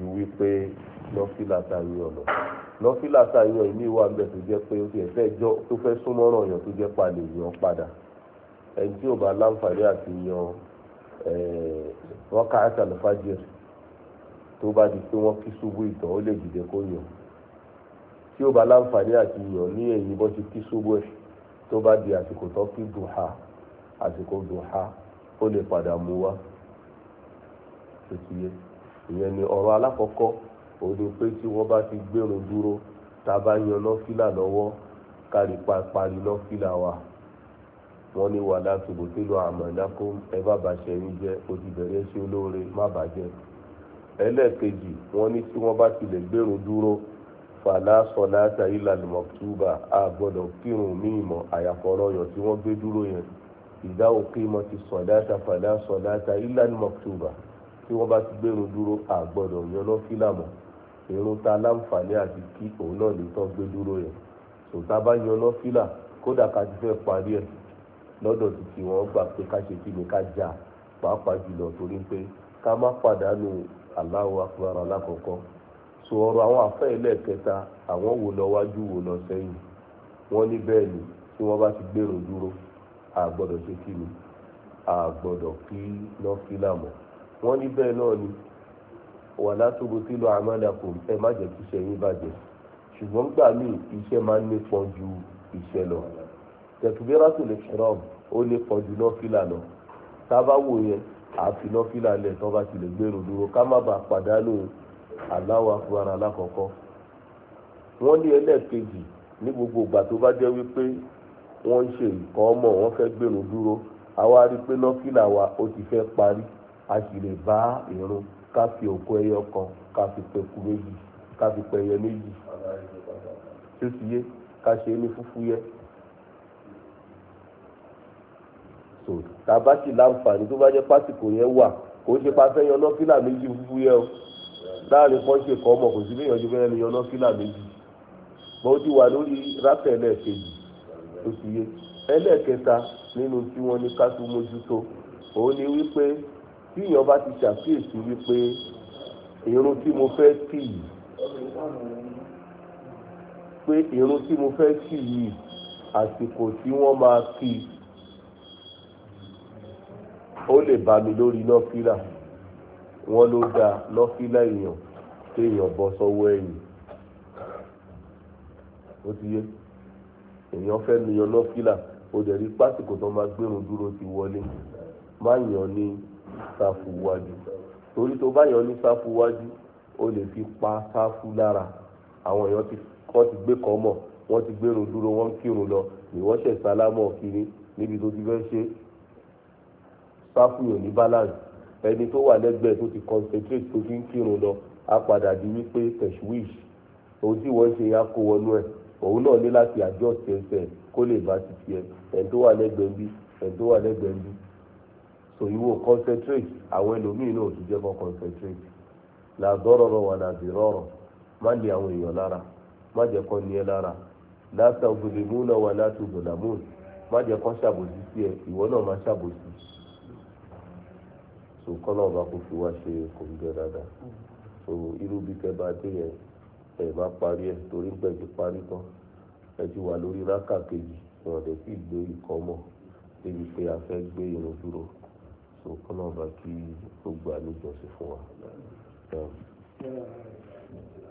ju wípé nọ́fìlà tààrí ọ̀nà nọ́fìlà tààrí ọ̀nà ìmí wà bẹ́ẹ̀ tó jẹ́ pé ó ti ẹ̀fẹ́ jọ tó fẹ́ súnmọ́ràn yàn tó jẹ́ palẹ̀ yàn padà ẹni tí ò bá láǹfààní àti yan rọ́kà àtàlùfájìrì tó bá di pé wọ́n kí ṣubú ìtàn ó lè dìde kó yàn tí ó bá láǹfààní àti yàn ní ẹ̀yìn bó ti kí ṣubú ẹ̀ tó bá di àsìkò tó kí dùhà àsìkò dùhà ó lè padà mú wá. Thank you ìyẹn ni ọ̀rọ̀ alákọ̀ọ́kọ́ òun ni pé tí wọ́n bá ti gbérun dúró tá bá yan nọ́fìlà lọ́wọ́ kárí parí nọ́fìlà wa wọ́n ní wàhálà tòbó tó lọ àmọ̀dákó ẹ bá bàṣẹ yín jẹ́ o ti bẹ̀rẹ̀ ṣe olóore má bàjẹ́ ẹlẹ́ẹ̀kejì wọ́n ní tí wọ́n bá ti lè gbérun dúró fàlà sọ̀láta ìlànà mọ̀túbà a gbọ́dọ̀ kírun míì mọ̀ àyàfọ̀rọ̀ ọ̀yọ̀ tí wọ́n gbé dúró yẹn ìdáhùn kí mo ti sọ̀láta fàlà sọ̀láta ìlànà mọ̀túbà tí wọ́n bá ti gbèrò dúró àgbọ̀dọ̀ yọná fílàmù irun ta láǹfààní àti kí òun náà lè tán gbé dúró yẹn sòtá bá yọná fílà kódà ká ti fẹ́ parí ẹ̀ lọ́dọ̀ títí wọn gbà pé ká ṣe kí ni ká jà pàápàá jùlọ torí pé ká má pàdánù Allahu akbar alákọ̀ọ́kọ́ sọ ọ̀rọ̀ àwọn afẹ́ ẹlẹ́ẹ̀kẹta àwọn wò lọ wájú wò lọ sẹ́yìn wọ́n ní bẹ́ẹ̀ ni tí wọ́n bá ti gbèrò dúró àgbọ̀dọ̀ ṣe kí ni àgbọ̀dọ̀ kí lọ́fílà mọ́ wọ́n ní bẹ́ẹ̀ náà ni wàlá tubtilu a'malakum ẹ má jẹ́ kí iṣẹ́ yín bàjẹ́ ṣùgbọ́n gbà míì iṣẹ́ máa ń nípọn ju iṣẹ́ lọ takbiratul ihram ó nípọn ju nọ́fìlà lọ tá a bá wò yẹn àfi nọ́fìlà lẹ̀ tó bá ti lè gbèrò dúró ká má bàa pàdánù Allahu akbar alákọ̀ọ́kọ́ wọ́n ní ẹlẹ́ẹ̀kejì ní gbogbo ìgbà tó bá jẹ́ wípé wọ́n ń ṣe ìkọ́ ọmọ wọn fẹ́ gbèrò dúró àwa rí i pé nọ́fìlà wa ó ti fẹ́ parí a sì lè bá ìrun ká fi òkú ẹyọ kan ká fi pẹ̀kú méjì ká fi pẹ̀yẹ méjì tí ó yé ká ṣe é ní fúfúyẹ́. so tàbá sì láǹfààní tó bá jẹ́ pásìkò yẹn wà kò ń ṣe pàṣẹ yan nọ́fìlà méjì fúfúyẹ́ o láàrin pọ́ńṣe kọ́ ọmọ kò sí bí ìyànjú fẹ́rẹ́ ni yan nọ́fìlà méjì bọ́n ó ti wà lórí ráfẹ̀ ẹlẹ́ẹ̀kejì tó sì yé ẹlẹ́ẹ̀kẹta nínú tí wọ́n ní ká tún mójútó òun ni wípé tí èèyàn bá ti ṣàkíyèsí wípé irun tí mo fẹ́ kí yìí pé irun tí mo fẹ́ kí yìí àsìkò tí wọ́n máa kí ó lè bá mi lórí nọ́fílà wọ́n ló da nọ́fílà èèyàn téèyàn bọ́ sọ́wọ́ ẹ̀yìn ó ti yé èèyàn fẹ́ mi yan nọ́fílà ó dẹ̀ rí pásìkò tó máa gbérun dúró ti wọlé má yàn ní sáfù wájú torí tó bá yàn ní sáfù wájú ó lè fi pa sáfù lára àwọn èèyàn ti kọ́ ti gbé kọ́ mọ̀ wọ́n ti gbérun dúró wọ́n ń kírun lọ ìwọ́n ṣẹ̀ sálámọ̀ kiri níbi tó ti fẹ́ ṣe sáfù yàn ní balance ẹni tó wà lẹ́gbẹ̀ẹ́ tó ti concentrate tó ti ń kírun lọ á padà di wípé tẹ̀síwìsì òun tí wọ́n ṣe yá kó wọnú ẹ̀ òun náà ní láti adjust ẹsẹ̀ kó lè bá ti tiẹ̀ ẹ̀ tó wà lẹ́gbẹ̀ẹ́ bí ẹ̀ tó wà lẹ́gbẹ̀ẹ́ bí so ìwọ concentrate àwọn ẹlòmíín náà tún jẹ́ mọ́ concentrate làdọ́rọ̀rọ̀ wà làdìrọ̀rọ̀ má lè àwọn èèyàn lára má jẹ́ kọ́ ní ẹ lára láti ọ̀gbìnìmú náà wà láti ọ̀gbìnàmú má jẹ́ kọ́ ṣàbòsí sí ẹ ìwọ náà má ṣàbòsí so kọ́nà ọba kò fi wá ṣe kò dáadáa so irú bí kẹ bá dé yẹn ẹ má parí ẹ torí pé ẹ ti parí tán ẹ ti wà lórí rákà kejì wọn gbé ikọ̀ mọ́ débi pé a fẹ́ gbé irun dúró so kọ́nà ọba kí ó gbà níjọsìn fún wa.